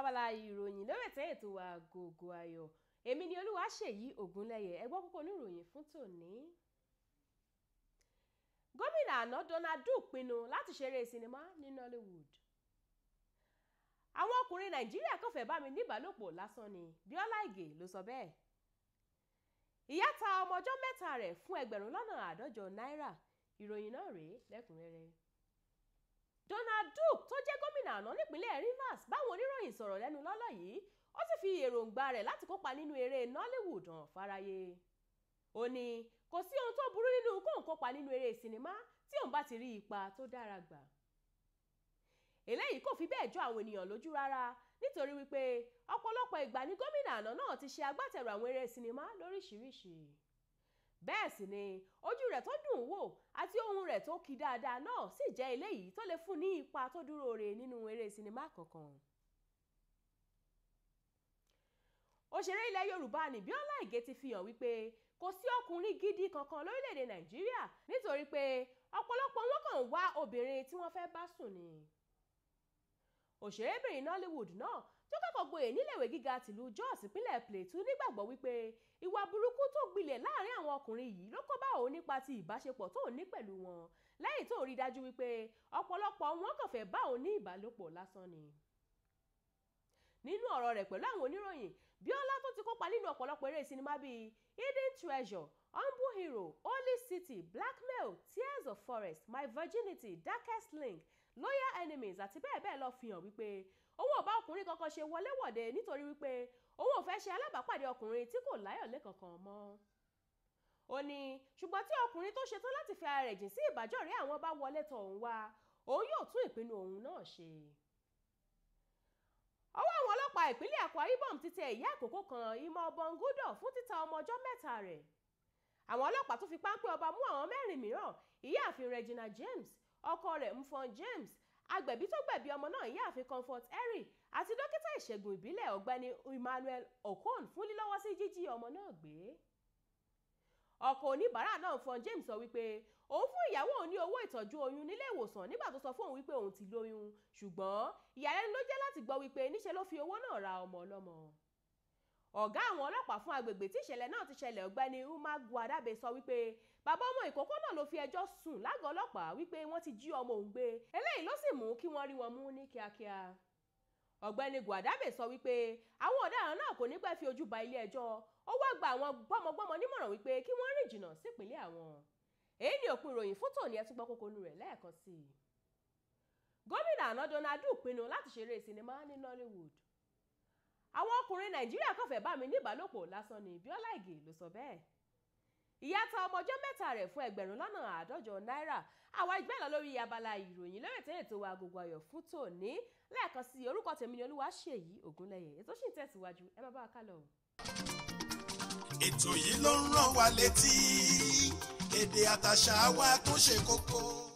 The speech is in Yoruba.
sábàlá ìròyìn lóòrètè ètò Agogo Ayọ̀ èmi ni Olúwaṣèyí Ògúnlẹ̀yẹ ẹ gbọ́ kókó oníròyìn fún tòní. gómìnà àná Donald Duke pinnu láti ṣeré sinimá ní Nollywood. àwọn ọkùnrin Nàìjíríà kàn fẹ́ bá mi níbàálòpọ̀ lásán ni Bíọ́lá Ìgè ló sọ bẹ́ẹ̀. ìyá ta ọmọ ọjọ́ mẹ́ta rẹ̀ fún ẹgbẹ̀rún lọ́nà àádọ́jọ náírà ìròyìn náà rèé lẹ́kùnrẹ́rẹ́. Donald Duke tó jẹ́ gómìnà àná nípínlẹ̀ Rivers báwọn oníròyìn sọ̀rọ̀ lẹ́nu lọ́lọ́ yìí ó sì fi èròǹgbà rẹ̀ láti kópa nínú eré Nollywood hàn fáráyé ó ní kò sí ohun tó burú nínú kóun kópa nínú eré sinimá tí òun bá ti rí ipa tó dára gbà eléyìí kò fi bẹ́ẹ̀ jọ àwọn ènìyàn lójú rárá nítorí wípé ọ̀pọ̀lọpọ̀ ìgbà ni gómìnà àná náà ti ṣe agbátẹrù àwọn eré sinimá lóríṣiríṣi bẹ́ẹ̀ sì ni ojú rẹ̀ tó dùn wò àti ohun rẹ̀ tó kí dáadáa náà sì jẹ́ eléyìí tó lè fún ní ipa tó dúró re nínú eré sinimá kankan. òṣèré ilẹ̀ yorùbá ni Bíọ́lá Ìgè ti fi hàn wípé kò sí ọkùnrin gidi kankan lórílẹ̀‐èdè nàìjíríà nítorí pé ọ̀pọ̀lọpọ̀ wọn kàn ń wá obìnrin tí wọ́n fẹ́ bá sùn ni òṣèrébìnrin nollywood náà tó kẹ́kọ̀ọ́ gboyè níléèwé gíga tìlú jos ìpínlẹ̀ plateau nígbàgbọ́ wípé ìwà burúkú tó gbilẹ̀ láàrin àwọn ọkùnrin yìí ló kó bá òun nípa ti ìbáṣepọ̀ tó ní pẹ̀lú wọn lẹ́yìn tó rí dájú wípé ọ̀pọ̀lọpọ̀ wọn kàn fẹ́ bá òun ní ìbálòpọ̀ lásán ni nínú ọ̀rọ̀ rẹ̀ pẹ̀lú àwọn oníròyìn bíọ́lá tó ti kópa nínú ọ̀pọ̀lọpọ̀ eré sinimá bíi hidden treasure humble hero holy city blackmail tears of forest my virginity darkest link loyal enemies àti bẹ́ẹ̀ bẹ́ẹ̀ lọ fi hàn wípé owó ọba ọkùnrin kankan ṣe wọléwọ̀de nítorí wípé owó ò fẹ́ ṣe alábàápàdé ọkùnrin tí kò láyọ̀lé kankan mọ́ ó ní ṣùgbọ́n tí ọkùnrin tó ṣetán láti fi ara rẹ̀ jìn sí ìbájọ́rẹ́ àwọn bá wọlé tọ̀ òun wá òun yóò tún ìpinnu òun náà ṣe ọwọ́ àwọn ọlọ́pàá ìpínlẹ̀ Akwa Ibom ti tẹ ìyá àkókò kan ìmọ̀ ọbọ̀n gúdọ̀ fún títa ọmọ ọjọ́ mẹ́ta rẹ̀ àwọn ọlọ́pàá tún fi páńpẹ́ ọba mú àwọn mẹ́rin mìíràn ìyáàfin Regina James ọkọ rẹ̀ Mfon James agbẹ̀bí tó gbẹ̀bí ọmọ náà ìyáàfin Comfort Erin àti dókítà ìṣègùn ìbílẹ̀ ọ̀gbẹ́ni Emmanuel Okon fún lílọ́wọ́ sí jíjí ọmọ náà gbé ọkọ oníbàárà náà Mfon James sọ wípé òun fún ìyàwó òun ní owó ìtọ́jú oyún nílé ìwòsàn nígbà tó sọ fún òun wípé òun ti lóyún ṣùgbọ́n ìyàlẹ́nu ló jẹ́ láti gbọ́ wípé níṣe ló fi owó náà ra ọmọ ọlọ́mọ ọ̀gá àwọn ọlọ́pàá fún agbègbè tí ìṣẹ̀lẹ̀ náà ti ṣẹlẹ̀ ọ̀gbẹ́ni Umar Guadabe sọ wípé bàbá ọmọ ìkókó náà ló fi ẹjọ́ sùn lágọ̀ọ́ ọlọ́pàá wípé wọ́n ti jí ọmọ òun gbé eléyìí ló sì mú kí wọ́n rí wọn mú ní kíákíá ọ̀gbẹ́ni Guadabe sọ wípé àwọn ọ̀daràn náà kò ní pẹ́ fi ojú ba ilé ẹjọ́ ó wá gba àwọn gbọ́mọgbọ́mọ nímọ̀ràn wípé kí wọ́n rìn jìnnà sípínlẹ̀ àwọn ni òpin gómìnà àná Donald pinnu láti ṣeré sinimá ní Nollywood àwọn ọkùnrin nàìjíríà kàn fẹ́ bá mi níbàálòpọ̀ lásán ni Bíọ́lá Ìgè ló sọ bẹ́ẹ̀ ìyá ta ọmọ ọjọ́ mẹ́ta rẹ̀ fún ẹgbẹ̀rún lọ́nà àádọ́jọ náírà àwa ìgbẹ́ lọ lórí abala ìròyìn lórí ètò ètò Agogo Ayọ̀ fún tòní lẹ́ẹ̀kan sí orúkọ tèmi ni Olúwaṣèyí Ògúnlẹ̀yẹ ètò sì ń tẹ̀síwájú ẹ má bá wa ká lọ. ètò yìí ló ń rán wa létí èdè àtàṣà wa tó ṣe kókó